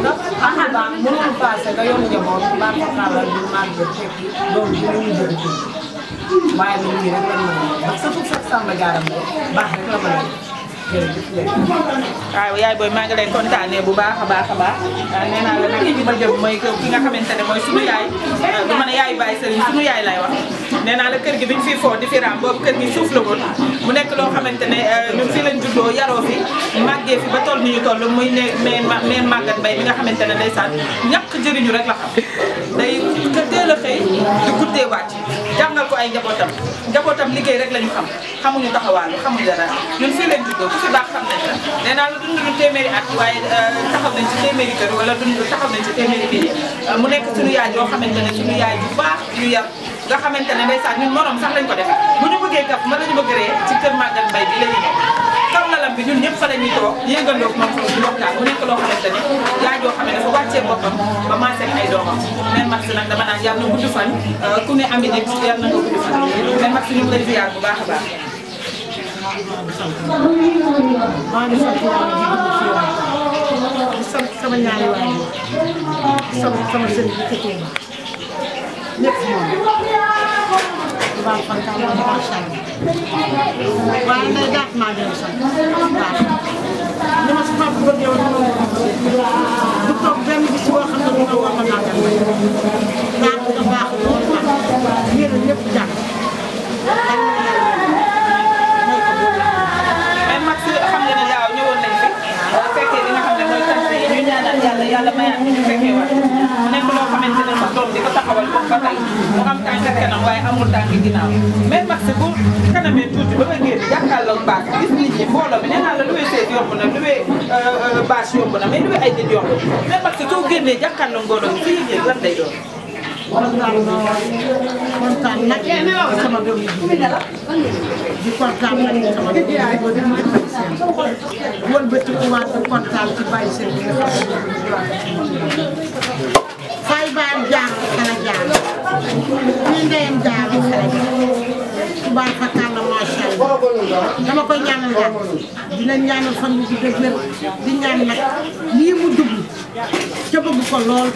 ndax am na baax mënul passé nga yor njaboot baax na xaaral bi maag ba fekk loolu du ñu bëri waaye nag lii rek la ñu mën a ndax sa fukk sax sàmm jaaram baax rek la mën waaw yaay booy maa ngi lay kontaanee bu baax a baax a baax nee naa la nag fi ma mooy kër ki nga xamante ne mooy sunu yaay du ma ne yaay Baye Serigne sunu yaay lay wax nee naa la kër gi biñ fi foo di fi raam boobu kër gi suuf la woon mu nekk loo xamante ne euh, ñun fii lañ juddoo yaroo fi màggee fi ba toll ni ñu toll muy ne meen màggat mbay mi nga xamante ne ndeysaan ñàkk jëriñu rek la xam day la xëy di guddee wàcc jàngal ko ay njabootam njabootam liggéey rek la xam xamuñu taxawaalu xamuñu dara ñun fii leen juddoo ku baax xam nañ la nee naa ñu téeméeri at waaye taxaw nañ ci téeméeri kër wala dund taxaw nañ ci téeméeri kër mu nekk suñu yaay yoo xamante suñu yaay bu baax yu yar nga xamantene ne ñun morom sax lañ ko def bu ñu bëggee kaf ma lañu bëgg ree ci kër magal mbay bi la ñu nekk bi ñun ñëpp fa lañuy toog yëngandoo moom sama ñu waxtaan mu nekk loo xamante ne yaay joo xam ne dafa wàccee boppam ba maasee ay doomam mère Max nag dama naan yàlla na gudd fan euh, ku ne am nit yàlla na nga gudd fan mère Max ñu ngi lay ziar bu baax a baax maa ngi sant sama sama ñaari waay sama sama sëñ bi ci Tuuba ñëpp moom baax fan ka moom macha allah waaye day gàtt maa ngi leen sant waaw li ma si papa bëggee woon moom du toog benn bis boo xam ne du nga war ma màggal baax nga baax lool baax yéen ñëpp jàpp yàlla mayaat ñu fekkee wax mu nekk loo xamante ne sa doom di ko taxawal ko ba tey mu am tànk kanam waaye amul tànk ginnaaw mais Max bu kanamee tuuti ba nga génn jàkkaarloog bâche gis nit ñi mbooloo bi naa la luwee seet yomb na luwee euh, euh, bâche yomb na mais luwee ay nit yomb mais Max soo génnee jàkkaarloog mbooloo bi ci yëg-yëg lan day doon kontaan kontaan nag sama doom yi di kontaan nag sama doom yi woon ba ci kuwaat kontaan ci bàyyi seen bi nga xam ne fay baam jaar xala jaar ni ndeyam jaar xala tubaar fakalla masha Allah dama koy ñaanal nag dina ñaanal fan bu gudd ak di ñaan nag lii mu dugg ca bëgg ko lool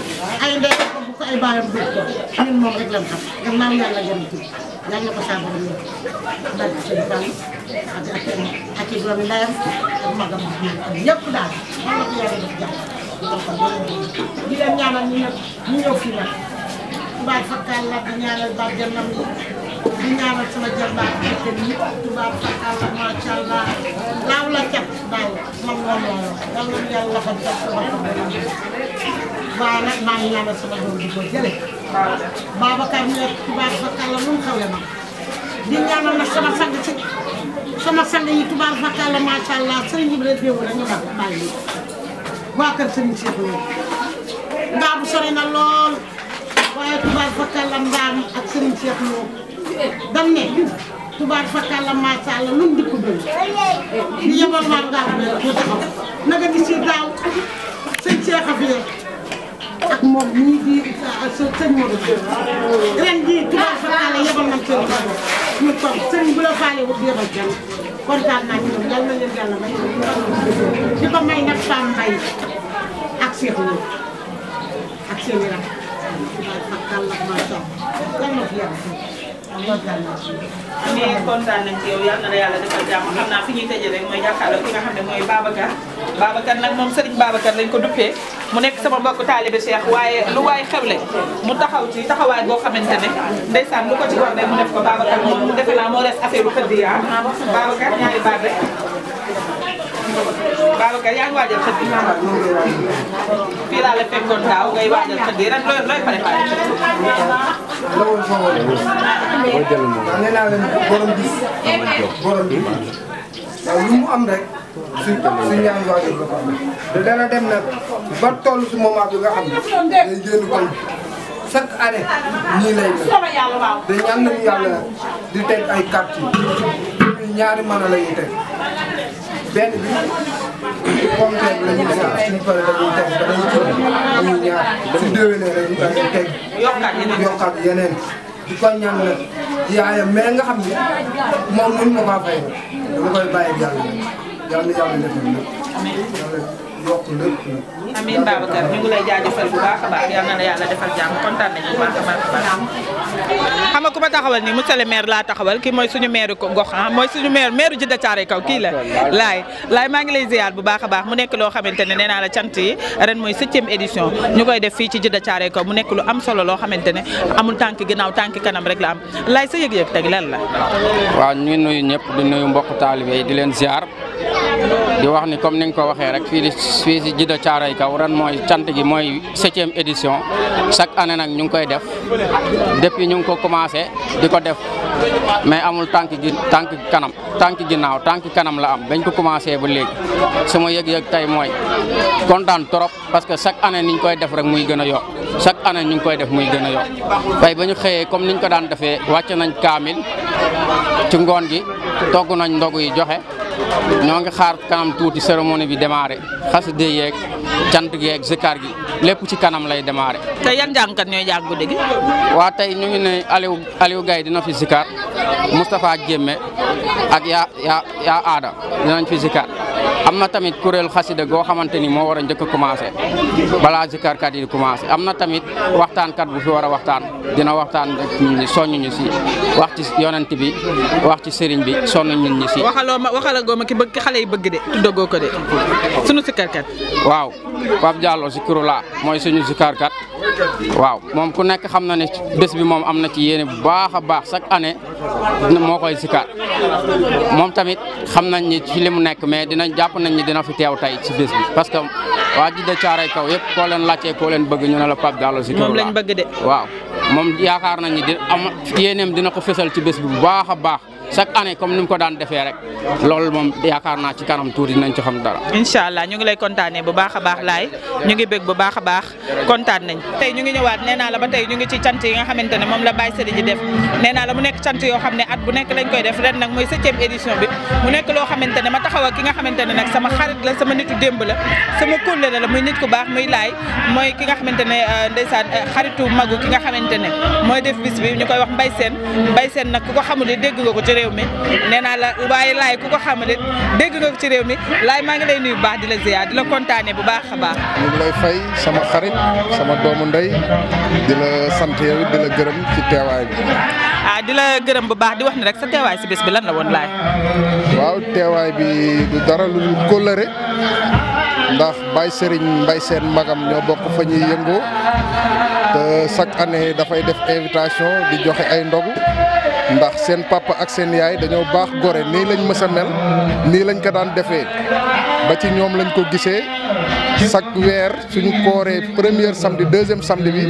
ay ndeyam ay baayam bëgg ko ñun moom rek lañ xam ndax maam yàlla gën a tudd yàlla na ko saa borom yëpp ndax ci bàll ak ak ak i doomi ndeyam ak magam ak yëpp daal man la ko di ñaanal sama jarbaat gerte gi tubaab fakalla macha allah laaw moom la looloo yal na sama doom di ko jëlee. Babacar ñëw tubaab fakalla lu mu xawle ma di ñaanal sama sang ci sama sang yi tubaab fakalla macha allah sëriñ Ibra Déew la ñu ba bàyyi waa kër sëriñ Cheikh Lo ngaa bu sori na lool waaye tubaab fakalla mbaam ak sëriñ Cheikh Lo. dam ne tubaab fakkaat la macha allah lu dikk doon ñu yebal waa Ndao bu taxaw naka di la yebal nañ seen bopp may di ko may ak Cheikh ak seen i rafet tubaab fakkaat la macha allah lan fi yàlla mais kontaan nañ ci yow yal na la yàlla defal jàmm xam naa fi ñuy tëjee rek mooy jàkkaarloo ki nga xam ne mooy Babacar Babacar nag moom Serigne Babacar lañ ko duppee mu nekk sama mbokk taalibe Cheikh waaye lu waay xewle mu taxaw ci taxawaay boo xamante ne ndeysaan lu ko ci wax rek mu def ko Babacar moom mu defe naa moo res affaire bu xëdd yaa ah. Babacar ñaari baat rek Babacar yaa ngi waajal xët bi fii laa la fekkoon daaw bi ren lu mu am rek. su su ñaan waajal ba ko am. te dana dem nag ba toll si moment bi nga xam ne day génn kon chaque année nii lay def te ñaan nañu yàlla di teg ay carte yi ñaari mën a la teg. benn bi pomme de terre la ñuy sax suñu paree dañuy teg dañuy tudd dañuy ñaar su déwénee dañuy dañuy teg yokkaat yeneen di ko ñaan nag yaayam mais nga xam ne moom mënu ma maa fay dama koy bàyyi ak yàlla yàlla yàlla defal na yokk lépp nag. amiin Babacar ñu ngi lay jaajëfal bu baax a baax yal na la yàlla defal jàmm kontaan nañu baax a baax a baax. xam nga ku ma taxawal nii monsieur le maire laa taxawal kii mooy suñu maire gox ah mooy suñu maire maire Djeddah Thiaroye Kaw kii la. laay maa ngi lay ziar bu baax a baax mu nekk loo xamante ne nee naa la cant yi ren mooy septième édition ñu koy def fii ci Djeddah Thiaroye Kaw mu nekk lu am solo loo xamante ne amul tànk ginnaaw tànk kanam rek la am laay sa yëg-yëg la. di wax ni comme ni nga ko waxee rek fii di fii si Jidda Caaroy Kaw ren mooy cant gi mooy septième édition chaque année nag ñu ngi koy def depuis ñu ngi ko commencé di ko def mais amul tànk gi tànk kanam tànk ginnaaw tànk kanam la am bañ ko commencé ba léegi sama yëg-yëg tey mooy kontaan trop parce que chaque année ni ñu koy def rek muy gën a yokk chaque année ñu ngi koy def muy gën a yokk tey ba ñu xëyee comme niñ ko daan defee wàcc nañ kaamil ci ngoon gi togg nañ ndogu yi joxe ñoo ngi xaar kanam tuuti cérémonie bi démarré xasida yeeg cant gi ak gi lépp ci kanam lay démarré. tey yan jàngkat ñooy jàng guddi gi. waa tey ñu ngi ne Aliou Aliou Gaye dina fi zikar Moustapha Jémé ak yaa yaa yaa aada dinañ fi zikar am na tamit kuréel xasida goo xamante ni moo war a njëkk a commencé balaa zikarkat yi di commencé am na tamit waxtaankat bu fi war a waxtaan dina waxtaan rek ñun ñu si wax ci yonent bi wax ci sëriñ bi sonn ñun ñu si. waxaloo ma waxalagoo ma ki xale yi bëgg de tuddagoo ko de sunu zikarkat waaw. Pape Diallo Zikroulah mooy suñu zikaarkat waaw moom ku nekk xam na ne bés bi moom am na ci yéene bu baax a baax chaque année moo koy zikaar moom tamit xam nañ ni ci li mu nekk mais dinañ jàpp nañ ni dina fi teew tey ci bés bi parce que waa Jidda Caaray kaw yëpp koo leen laajtee koo leen bëgg ñu ne la Pape Diallo Zikroulah moom lañ bëgg de waaw moom yaakaar nañ ni di dina ko fësal ci bés bi bu baax a baax. chaque année comme ni mu ko daan defee rek loolu moom yaakaar naa ci kanam tuuti nañ ci xam dara. incha allah ñu ngi lay kontaanee bu baax a baax laay ñu ngi bég bu baax a baax kontaan nañ tey ñu ngi ñëwaat nee naa la ba tey ñu ngi ci cant yi nga xamante moom la Baye Serigne di def nee la mu nekk cant yoo xam ne at bu nekk lañ koy def ren nag mooy septième édition bi mu nekk loo xamante ne ma taxaw ak ki nga xamante ne nag sama xarit la sama nitu démb la sama mooy ki xamante ne euh, ndeysaan euh, xaritu magu ki nga xamante ne mooy def bis bi wax Mbaye Sène Mbaye Sène nag ku ko réew mi nee naa la waaye laay ku ko xamal it dégg nga ko ci réew mi laay maa ngi lay nuyu bu baax di la ziar di la kontaanee bu baax a baax. ñu ngi lay fay sama xarit sama doomu ndey di la sant yow di la gërëm ci teewaay bi. ah di la gërëm bu baax di wax ni rek sa teewaay si bés bi lan la woon laay. waaw teewaay bi du dara lu kóllëre ndax Baye Serigne Mbaye seen magam ñoo bokk fa ñuy yëngoo te chaque année dafay def invitation di joxe ay ndogu. ndax seen papa ak seen yaay dañoo baax gore nii lañ mës a mel nii lañ ko daan defee ba ci ñoom lañ ko gisee chaque weer suñu kooree première samedi deuxième samedi bi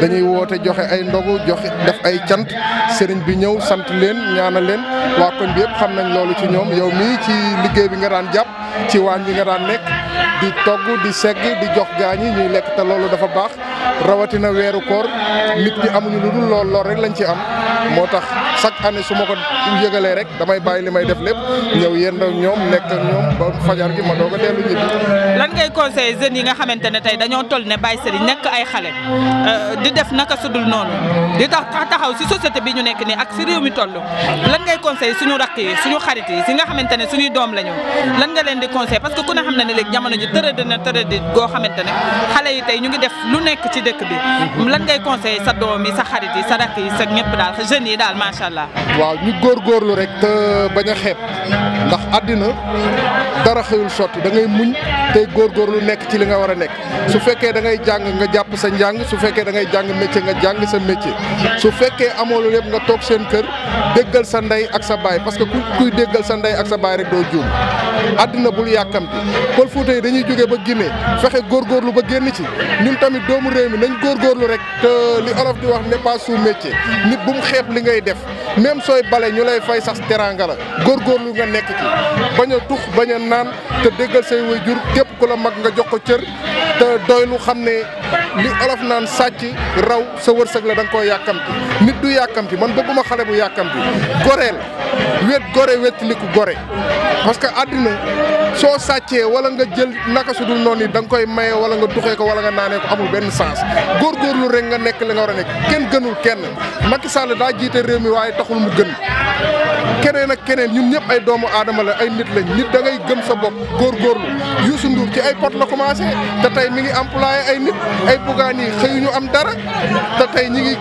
dañuy woote joxe ay ndogu jox def ay cant sëriñ bi ñëw sant leen ñaana leen waa koñ bi yëpp xam nañ loolu ci ñoom yow mii ci liggéey bi nga daan jàpp ci waañ bi nga daan nekk di togg di segg di jox gaañ yi ñuy lekk te loolu dafa baax rawatina weeru koor nit ñi amuñu lu dul lool lool rek lañ ci am moo tax. chaque année su ma ko yëgalee rek damay bàyyi li may def lépp ñëw yéen ak ñoom nekk ak ñoom ba fajar gi ma doog a dellu ñibbi. lan ngay yi nga xamante ne tey dañoo toll ne Baye Serigne nekk ay xale euh, di def naka sudul noonu di tax taxaw si société bi ñu nekk nii ak si réew mi toll lan ngay conseillé suñu rakk yi suñu xarit yi si nga xamante ne suñuy doom lañu lan nga leen di conseillé parce que ku ne xam na ne léegi jamono ji tërëdi na tërëdi goo xamante xale yi tey ñu ngi def lu nekk ci dëkk bi lan ngay conseillé sa doom yi sa xarit yi sa rakk yi sa ñëpp daal sa yi daal macha macha allah. waaw ñu góorgóorlu rek te bañ a ndax adina dara xëyul sotti da ngay muñ tey góorgóorlu nekk ci li nga war a su fekkee da ngay jàng nga jàpp sa njàng su fekkee da ngay jàng métier nga jàng sa métier su fekkee amoo lu yëpp nga toog seen kër déggal sa ndey ak sa baay parce que kuy déggal sa ndey ak sa baay rek doo juum bul dañuy ba ba ci ñun tamit doomu mi nañ rek te li olof di wax n'est pas sous métier nit bu mu xeeb li ngay def même soy balé ñu lay fay sax teranga la lu nga nekk ci baña tuk baña nan te déggal say wayjur képp ku la mag nga jox ko cër te doylu xam li olof nan sacc raw sa wërsek la dang ko koy nit du yàkkamti man bëgguma xalé bu yakamti gorel wet gore liku gore parce que àddina so saccé wala nga jël naka su dul noni dang koy maye wala nga duxee ko wala nga nané ko amul ben sens lu rek nga nek li nga wara nek kenn gënul kenn Macky Sall da jité réew mi waaye waaye taxul mu gën keneen ak keneen ñun ñëpp ay doomu aadama la ay nit lañ nit da ngay gëm sa bopp góorgóorlu Youssou Ndour ci ay pot la commencé te tey mi ngi employé ay nit ay bugaan yi xëyuñu am dara te tey ñi ngi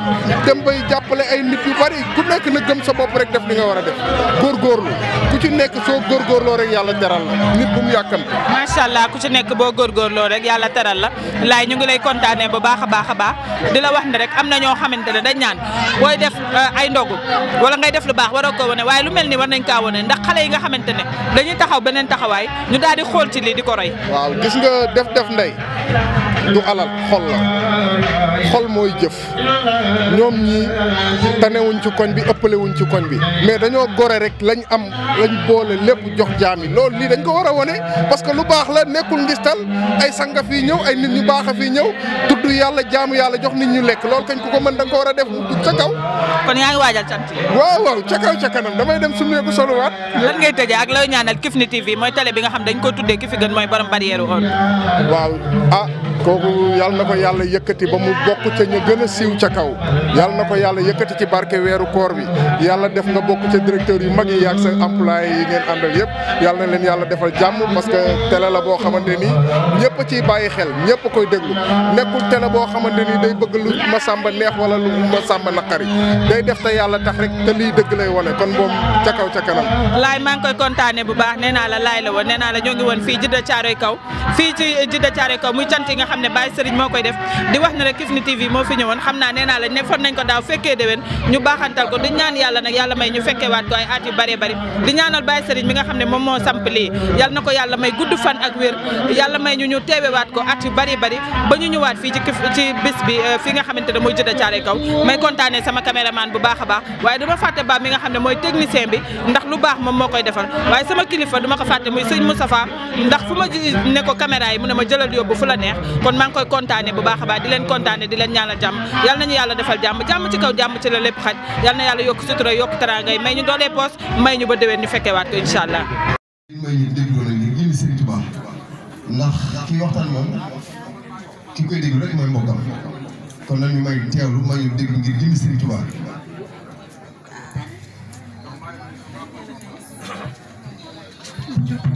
dem bay jàppale ay nit yu bari ku nekk na gëm sa bopp rek def li nga war a def góorgóorlu ku ci nekk soo góorgóorloo rek yàlla teral la nit bu mu yàkkam macha allah ku ci nekk boo góorgóorloo rek yàlla teral la laay ñu ngi lay kontaanee bu baax a baax a baax di la wax rek am na ñoo xamante ne dañ naan booy def euh, ay ndogu wala ngay def lu baax waroo ko wone waaye lu mel ni war nañ kaa wane ndax xale yi nga xamante ne dañuy taxaw beneen taxawaay ñu daal di xool ci lii di ko roy. waaw gis nga def def ndey du alal xol la xol mooy jëf ñoom ñii tanewuñ ci koñ bi ëppalewuñ ci koñ bi mais dañoo gore rek lañ am lañ boole lépp jox jaam yi loolu lii dañ ko war a wone parce que lu baax la nekkul ngistal ay sanga fii ñëw ay nit ñu baax a fii ñëw tudd yàlla jaamu yàlla jox nit ñu lekk loolu kañ ku ko mën da ko war a kaw. kon yaa waaw waaw ca kaw ca kanam damay dem sunu ko solo wat lan ngay tëjee ak looy ñaanal kifni TV moy télé bi nga xam dañ ko tuddé kifi gën moy borom barrière woon. waaw ah koku yal nako yalla yëkëti ba mu bokku ca ñu gëna a siiw ca kaw yal nako yalla yëkëti ci barké wëru koor bi yalla def nga bokku ca directeur yu magi yak sa employé yi ngeen andal yépp yalla na leen yalla defal jamm parce que télé la bo xamanteni ñëpp ci bayyi xel ñëpp koy dégg nekkul télé bo xamanteni day bëgg lu ma samba neex wala lu ma samba nakari day def ta yalla tax neex rek te lii dëgg lay wane kon moom ca kaw ca laay maa ngi koy kontaanee bu baax nee naa la laay la woon nee naa la ñoo ngi woon fii Jidda Caaroy Kaw fii ci Jidda Caaroy Kaw muy cant yi nga xam ne Baye Serigne moo koy def di wax ne rek Kifne moo fi ñëwoon xam naa nee naa la ne fon nañ ko daaw fekkee déwén ñu baaxantal ko di ñaan yàlla may ñu fekkee waat ko ay at yu bëree bëri di ñaanal Baye Serigne xam ne moom moo samp lii yàlla na may gudd fan ak wér may ñu ñu teewewaat ko at yu bëri bëri ba ñu ñëwaat fii ci ci bis euh, fi nga xamante ne muy Jidda Caaroy Kaw may kontaanee sama caméraman bu baax a baax waaye duma fàtte ba mi nga xam ne mooy technicien bi ndax lu baax moom moo koy defar waaye sama kilifa duma ko fàtte muy sëñ Moustapha ndax fu ma ne ko caméra yi mu ne ma jëlal yóbbu fu la neex kon maa koy kontaane bu baax a baax di leen kontaane di leen ñaanal jàmm yal nañu yàlla defal jàmm jàmm ci kaw jàmm ci la lépp xaj yal na yàlla yokk sutura yokk teraangay may ñu doolee poos may ñu ba déwén ñu fekkewaat ko incha allah moom ki koy déglu rek mooy mbokkam kon nag ñu may teewlu may ñu déglu ngir jëmi Serigne Thank you.